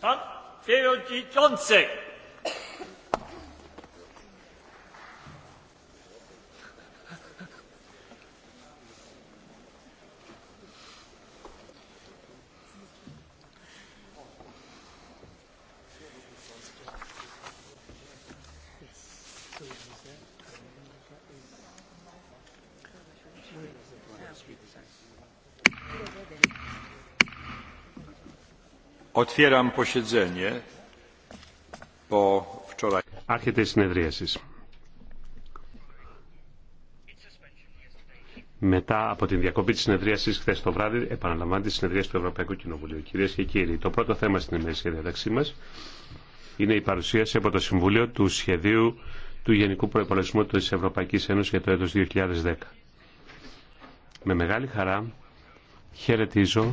Pan przewodniczący! Thank Άρχεται η συνεδρίαση. Μετά από την διακοπή τη συνεδρίαση χθε το βράδυ, επαναλαμβάνει τη συνεδρίαση του Ευρωπαϊκού Κοινοβουλίου. Κυρίε και κύριοι, το πρώτο θέμα στην ημερήσια διαταξή μα είναι η παρουσίαση από το Συμβούλιο του Σχεδίου του Γενικού Προπολογισμού τη Ευρωπαϊκή Ένωση για το έτο 2010. Με μεγάλη χαρά χαιρετίζω